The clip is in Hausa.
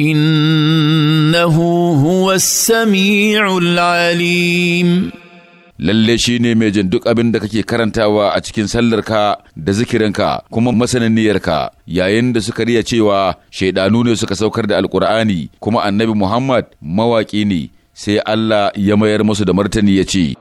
إنه هو السميع العليم lalle shi ne mai jin duk abin da kake karantawa a cikin sallarka da zikirinka kuma masanin niyyarka yayin da suka riya cewa shaidanu ne suka saukar da alkur'ani kuma annabi muhammad mawaƙi ne sai allah ya mayar musu da martani ya ce